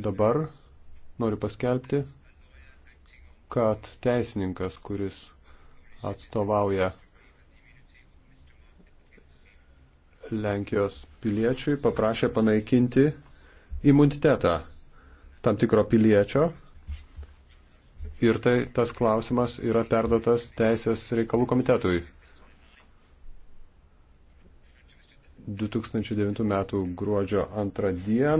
Dabar noriu paskelbti, kad teisininkas, kuris atstovauja Lenkijos piliečiui, paprašė panaikinti imunitetą tam tikro piliečio. Ir tai tas klausimas yra perdotas Teisės reikalų komitetui. 2009 m. gruodžio 2 d.